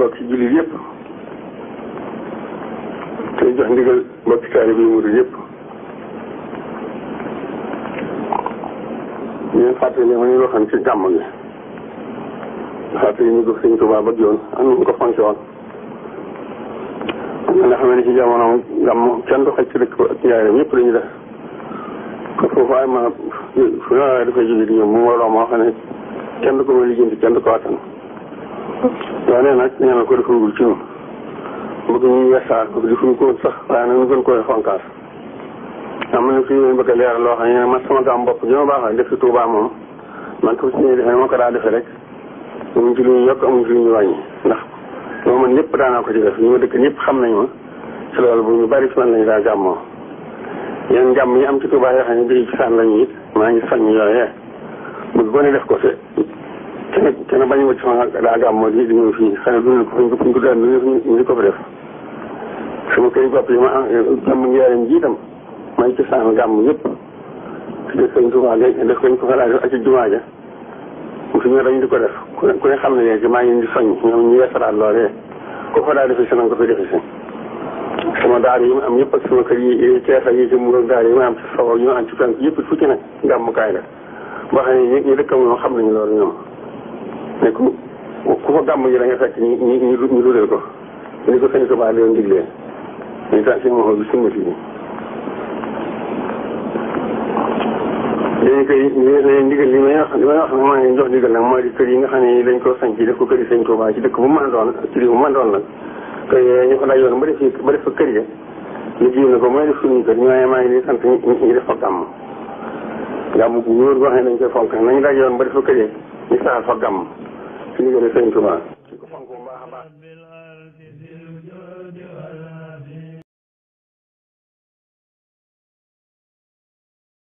bokk ci jullit yëpp tey jox ndigal bokk taalibe bi murid yëpp ñeen fàtte ne ma ñu waxoon ci gàmm gi fàtte yi ñu ko sëñ Tuubaa bëgg yoon am nañu ko fonk woon am na nga xam ne ci jamono gàmm kenn du xaj ci dëkk ak njaareem ñëpp dañu def ko foofu ay fu dafay jóge di ñoom mu warloo moo xam ne kenn ko ma lijjanti kenn ko attan waaye nee nag ñaanal ko defagul ci ñun bëgg ñu wesaar ko defuñu ko sax waaye nag ñu gën koy fonkaas na fi ñu bëgg a leer loo xam ne man sama gàmm bopp ji ma baax def ci Touba moom man ko ci ñuy defee moo ko daa defee rek amuñ ci lu ñu yokk amuñ ci lu ñu wàññi ndax loo man ñëpp daanaa ko ci ma dëkk ñëpp xam nañ ma ci loolu bu ñu bari ci man daa gàmmoo yéen gàmm yi am ci Touba yoo xam ne bii ci saan lañu it maa ngi soññ yooyee bu gone def ko fi kenn kenn bañ a wàcc sama daa moo di ñëw fii xëy na dund ko fuñ ko daan ñu ko fa def sama kër bopp yi ma am gàmm njëriñ ji itam maa ngi ci sama gàmm yëpp def ko Tuubaa def ko ko fa ak ci jumaa ja su ñu dañ di ko def ku ne xam ne léegi maa ngi di soññ ñoom ñu yeesalaat loolee ko fa daa defe si ko fi defe si sama daar yi ma am yëpp ak sama kër yi tees ak yi ci muur daar yi ma am ci sow ak yi ma am ci penk yëpp fu ci ne gàmmukaay la boo xam ne ñu dëkk moom xam nañu loolu ñoom ne ku ku fa gàmm ji da nga fekk ñu ñu ñu ñu ko ni ko sëñ Tuba leen diglee ñu tax si moom bi sunna fii léegi kay léegi ndigal li ñi wax li may yi nga xam ne dañ koo sañ ci def ko kër yi sëñ Tuba ci dëkk bu mën doon ci réew bu mën doon nag kër yooyu ñu ko laajoon ba def ba fa kër ya liggéey na ko mooy def suñu maa ngi leen sant ñu def fa gàmm gàmm bu wóor boo xam ne dañ koy fonk ba def fa kër ya ci ndigali sëñ Tuubaa